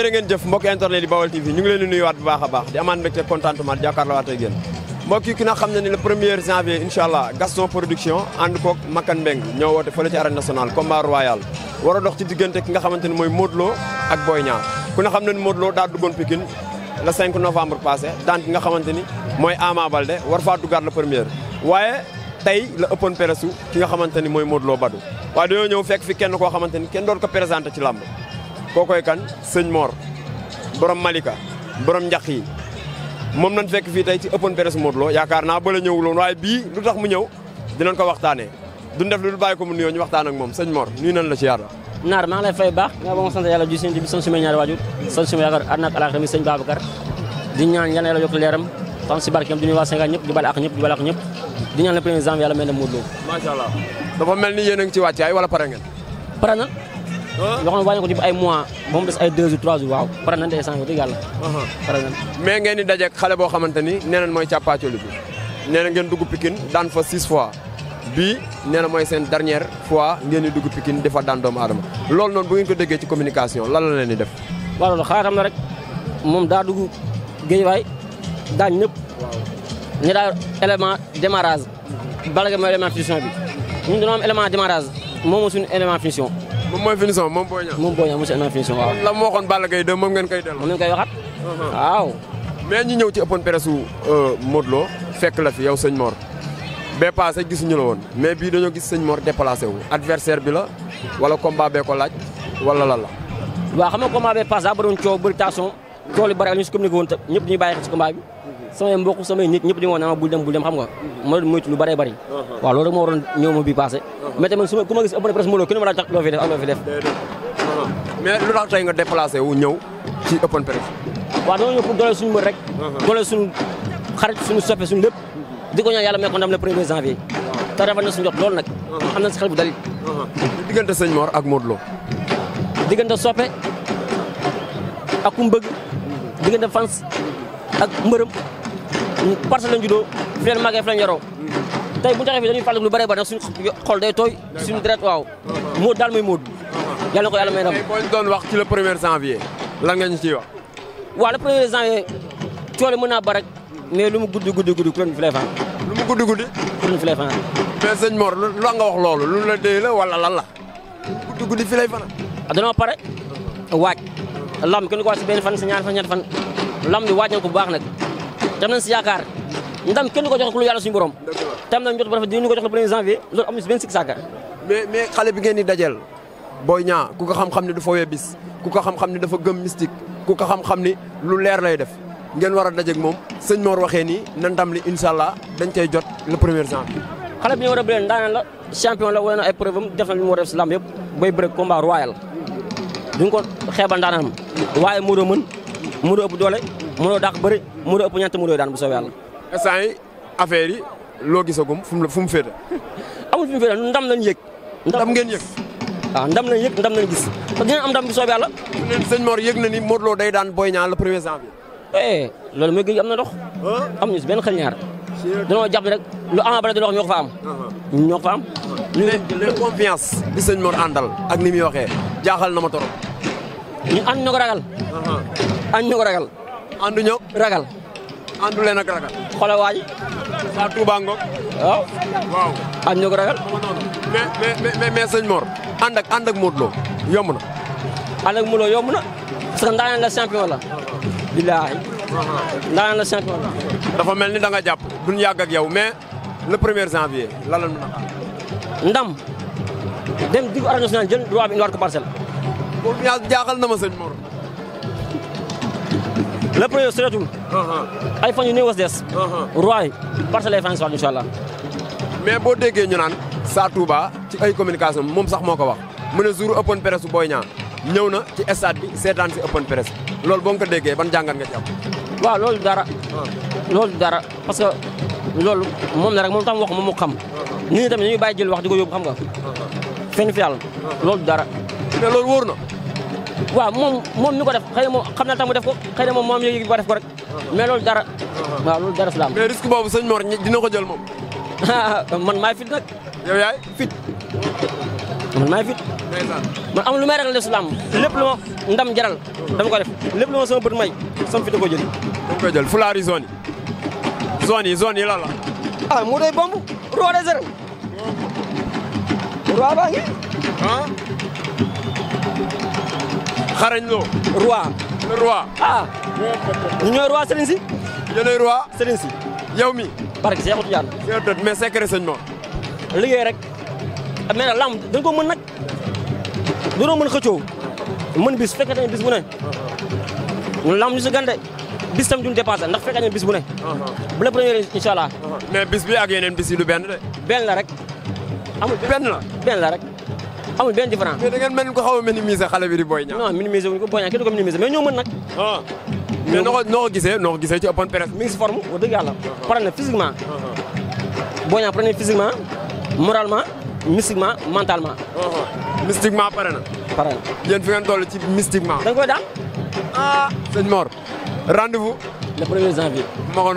jërë ngeen jëf mbokk internet yi Baol TV ñu ngi leen di nuyuwaat bu baax a baax di amaat mbégte contentement di jàkkaarloowaat ak yéen mbokk yi ki nga xam ni le premier janvier incha Gaston production ànd koog Makan Mbeng ñoo woote fële ci arène nationale combat war a dox ci diggante ki nga xamante ne mooy Modou Lo ak Boy Niang ku nga xam ne ni Modou daa duggoon Pikine le 5 novembre passé daan ki nga xamante ni mooy Ama Baldé war faa duggaat le premier waaye tey la ëppoon peresu ki nga xamante ni mooy Modou Lo Badou waaye dañoo ñëw fekk kenn koo xamante ni kenn doon ko présenté ci kookoy kan sëñ Mor borom Malika borom njaq yi moom nañ fekk fii tey ci open press Modou Lo yaakaar naa ba la ñëwuloon waaye bii lu tax mu ñëw dinañ ko waxtaanee duñ def lu bàyyi ko mu nuyoo ñu waxtaan ak moom sëñ Mor nuyu nañ la ci yàlla. naar maa ngi lay fay baax nga ba ma sant yàlla ji seen bi sant sumay ñaari waajur sant sumay yaakaar ànd ak alaaka tamit sëñ Babacar ñaan yal yokk leeram tam si barkeem di waa Sénégal ñëpp di bal ak wala pare yoo xam ne wàññi ko ci ay mois ba mu des ay 2 jours 3 jours waaw pare de sànq yàlla. Uh-huh. pare nañ. mais ngeen di dajeeg xale boo xamante ni nee nañ mooy càppaacoli bi nee na ngeen dugg Pikine daan fa 6 fois bii nee na mooy seen dernière fois ngeen di dugg Pikine di fa daan doomu aadama loolu noonu bu ngeen ko déggee ci communication lan la leen di def. waaw loolu xalaatam la rek moom daa dugg Guédiawaye daan ñëpp. ñu daal élément démarrage. bala nga mooy bi ñun dañoo am élément démarrage moom mooy suñu moom mooy finition moom Boy Niang. moom Boy Niang waaw. la mu waxoon Balla Gaye 2 moom ngeen koy delloo. moom ngeen koy waxaat. Uh-huh. waaw. mais ñu ñëw ci open press u euh, Modou Lo fekk la fi yow sëñ Mor. bee passé gisuñu la woon mais bii dañoo gis sëñ Mor déplacé wu. adversaire bi la wala combat bee ko laaj wala lan la. waaw xam nga combat bee passé daa bëri woon coow bëri tension tool yi bëri ñu si communiqué woon ñëpp dañuy bàyyi xel si combat samay mbokk samay nit ñëpp di ma wax naa ah, ma bul dem bul dem xam nga ma doon moytu lu bëree bëri uh-huh. waaw loolu rek moo waroon ñëw ma bi passé uh-huh. mais tamit su ma ku ma gis ëpp na presse mbooloo kenn ma daa tax loo fi def ak loo fi def uh-huh. mais lu tax tey nga déplacé wu ñëw ci open press waaw dama ñëw pour dooleel suñu mbër rek dooleel suñu xarit suñu soppe suñu lépp di ko ñaan yàlla may ko ndam le premier janvier te rafet na suñu jot loolu nag am nañ si xel bu dalit diggante sëñ Mor ak Modou Lo diggante soppe ak ku mu bëgg parce que lañ juddoo fi leen màggee fi leen yaroo mhm. tey bu ñu taxee fii lu bëree ba nag suñu xol day tooy suñu deret waaw Modou daal mooy Modou uh-huh. yàlla na ko yàlla may ndam boo ñu doon wax ci le premier lan nga ñu ciy wax waaw le premier janvier mën naa ba rek mais lu mu guddi guddi guddi kuréel fi lay fanaan lu mu guddi guddi kuréel nga wax loolu lu la dee la wala lan la guddi guddi fi lay fanaan ah, danoo pare waaj lam kenn ko waaj si benn fan si ñaar fan ñett lam bi waaj nañ ko bu baax nag dem nañ si yaakaar ndam kenn du ko jox lu yàlla suñu borom tam na jot bu rafet di ñu ko jox le premier janvier loolu am na si benn sikk sàkka mais mais xale bi ngeen di dajel Boy Niang ku ko xam-xam ne du bis ku ko xam-xam ne dafa gëm mystique ku ko xam-xam ni lu leer lay def ngeen war a dajeeg moom sëñ Mor waxee nii na ndam li incha allah dañ cay jot le premier janvier xale bi ñu war a bëree ndaanaan la champion la wane na ay preuve am def na li mu war a def si lamb yëpp bay bëre combat royal duñ ko waaye moo mën moo doo doole mënoo dàq bëri mënoo ëpp ñetti mënoo daan bu soobee yàlla. instant yi affaire yi loo gisagum fu mu fu mu féete. amul fu ndam lañ yëg. ndam ngeen yëg. waaw ndam lañ yëg ndam lañ gis te dina am ndam bu soobee yàlla. sëñ Mor yëg na ni Modou Lo day daan Boy Niang la premier janvier. eh loolu mooy gën am na dox. am ñu si benn xel ñaar. danoo jàpp rek lu ama bari di wax ñoo ko fa am. Uh-huh. ñoo ko fa am. les confiance bi sëñ Mor àndal ak ni muy waxee jaaxal na ma torop ñu àndu ñëw ragal. àndu leen ak ragal. xoolal waa ji. saa Touba Ngok. waaw. waaw àndu ragal. mais mais mais mais sëñ Mor. ànd ak ànd ak Modou Lo yomb na. ànd ak Modou na. parce que ndaanaan la champion la. billaahi. ndaanaan la champion la. dafa mel ni da nga jàpp duñ yàgg ak yow mais le premier janvier lan la mën a ndam. dem diggu arrondissement jël droit bi indiwaat ko parcelle. boobu jaaxal na ma sëñ Mor. le premier soriatul. Uh-huh. ay fan yu néew was des. Uh-huh. roi yi parcelles yi fan si mais boo déggee ñu naan Sa Touba ci ay communication moom sax moo ko wax mu ne jour open press Boy Niang ñëw na ci stade bi si open press loolu boo nga ko déggee ban jàngat nga ci am. waaw loolu dara. Uh-huh. loolu dara parce que loolu moom la rek moom tam wax moom moo xam. nit ñi tamit ñu ngi bàyyi jël wax di ko yóbbu xam nga. fi yàlla loolu dara. mais loolu wóor waaw moom moom mi ko def xëy moom xam na tax mu def ko moom ko def ko rek mais loolu dara waaw loolu dara si la am mais boobu sëñ Mor dina ko jol moom man maay fit nag yow yaay fit man maay fit man am lu may ragal def si lépp lu ndam jaral dama ko def lépp lu ma sama may sama fit da koy jël fulaari zone yi zone yi zone la ah mu doy bomb roi des arènes baa ngi ah? xarañ loo. roi. le roi. ah. ñu ñooy roi Serigne si. yéenay roi. Serigne si. yow mi barke Seexu Tijaan. Seydou mais secret sëñ ma. liggéey rek. mais nag la dañ ko mën nag. doonoo mën xëccoo. mën bis fekk nañu bis bu ne. ñu uh-huh. lamb ñu si gande bis tam duñ dépassé ndax fekk nañu bis bu ne. Uh-huh. bu premier incha allah. mais bis bi ak yeneen bis yi du benn ben la rek. amul benn la benn la rek. xamul benn différence mais da ngeen ko xaw a minimiser xale bi di Boy Niang non minimiser wuñ ko Boy Niang kenn ko minimiser mais ñoo mën nag ah mais noo ko noo ko gisee noo ko gisee ci open press mi ngi si forme wax dëgg yàlla ah, ah. pare na physiquement ah, Boy Niang pare na physiquement moralement mystiquement pare na pare na yéen fi ci mystiquement da nga koy daan ah sëñ Mor le premier janvier ma ko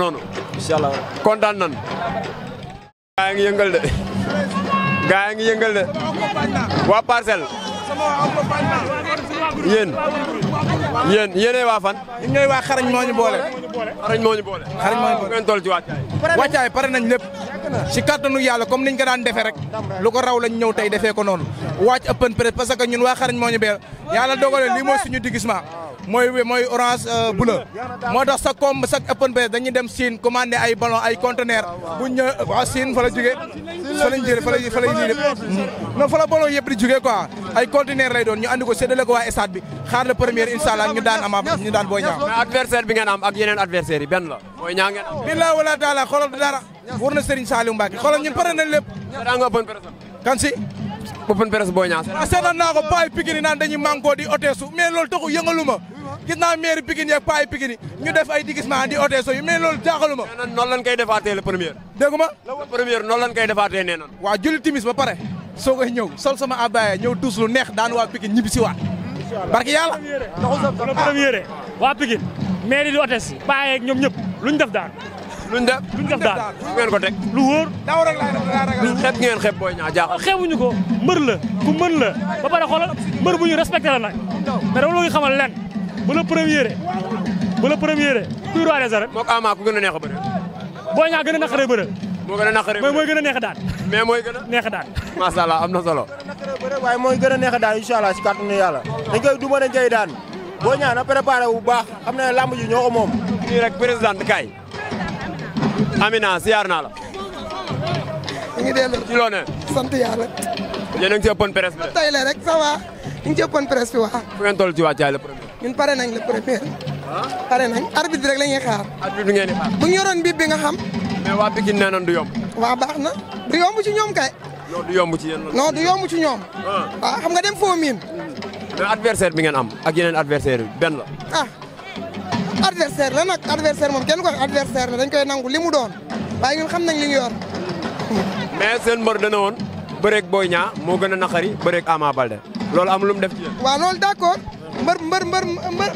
allah kontaan nan gaa yi ngi yëngal de waa parcelle yéen yéen yéenay waa fan. ñu ngi waa xarañ moo boole. xarañ moo boole. xarañ moo ñu boole ngeen toll ci wàccaay. wàccaay pare nañ lépp si kàttanu yàlla comme niñ ko daan defee rek lu ko raw lañ ñëw tey defee ko noonu. wàcc open press parce que ñun waa xarañ moo ñu boole yàlla dogale lii mooy suñu diggisma mooy mooy orange euh, bleu moo tax chaque com chaque open press dañuy dem Chine commandé ay ballon ay conteneur bu ñu ñëwee waa Chine fa la jógee fa la jëlee fa la fa la ñuy hmm. non fa la yëpp di jógee quoi ay conteneur lay doon ñu andi ko séddale ko waa stade bi xaar la première inshallah ñu daan amaat ñu daan booy ñaaw. mais bi ngeen am ak yeneen adversaire yi benn la. booy ñaaw ngeen am. billaahi pare nañ lépp. kan open press Boy Niang. Ah, seetaan naa ko paa yi Pikine naan dañuy mànkoo di oteesu mais loolu taxu yëngalu ma gis naa mairie Pikine yeeg paa yi ñu def ay digisement di oteesu yi loolu jaaxalu ma. nee na noonu lañ koy defaatee le premier. dégg ma le premier noonu defaatee nee waa julli timis ba pare ñëw sol sama abaya ñëw tuus lu neex daan waa Pikine ñibbi si waat barki yàlla. le premier waa Pikine mairie di otees paa yeeg ñoom luñ luñ def luñ def daal fu ngeen ko teg lu wóor daw rek laa ragal xeeb ngeen xeeb booy ñaa jaaxal xeebuñu ko mbër la ku mën la ba pare xoolal mbër bu ñu respecté la nag mais dama la xamal leen bu la premier bu la premier kuy roi des arènes mook Ama ku gën a neex a bëre booy ñaa gën a naqaree bëre moo gën a naqaree bëre mooy gën a neex a daan mais mooy gën a neex a daan macha allah am na solo waaye mooy gën a neex a daan incha allah si kàttanu yàlla dañ koy duma dañ koy daan booy ñaa na préparé bu baax xam ne lamb ji ñoo ko moom nii rek président kaay Amina siyaar naa la. ñu ngi dellu ci loonee. sant yàlla. yéen ngi ci ëppoon presse bi. tey la rek ça va ñu ngi ci ëppoon presse bi waaw. fu ngeen toll ci la premier. ñun pare nañ la premier. Ah? pare nañ arbitre rek la ñuy xaar. arbitre xaar. bu ñu bi nga xam. mais waa Pikine nee nañ du yomb. waa baax na du yomb ci ñoom kay. non du yomb ci yéen non ah. Ah, xam nga dem foo miin. mais adversaire bi ngeen am ak yeneen adversaire bi la. adversaire la nag adversaire moom kenn ko adversaire la dañ li mu doon waaye ñun xam nañ li ñu yor. mais seen mbër dana woon bëreeg booy Niang moo gën a naqari bëreeg Ama Balde loolu am lu mu def ci yéen. waaw loolu d'accord mbër mbër mbër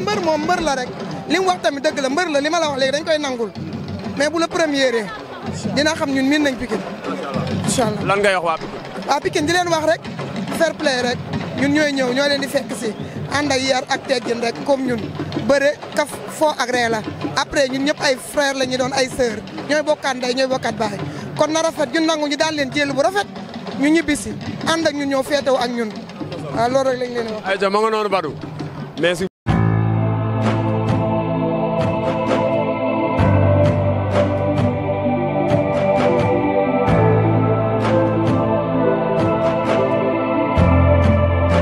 mbër moom mbër la rek li mu wax tamit dëgg la mbër la li ma la wax léegi dañ koy nangul mais bu la première dina xam ñun miin nañ Pikine. incha allah lan ngay di leen wax rek fair rek ñun ñooy ñëw ñoo leen di fekk si ànd ak yar ak teggin rek comme ñun. bëre kaf foo agré la après ñun ñëpp ay frère la ñu doon ay sœur ñooy bokkaat ndey ñooy bokkaat baay kon na rafet ñun nangu ñu daan leen jël bu rafet ñu ñibbisi ànd ak ñun ñoo féetewu ak ñun waaw loolu rek lañ leen wax. ayca ma nga noonu Badou merci.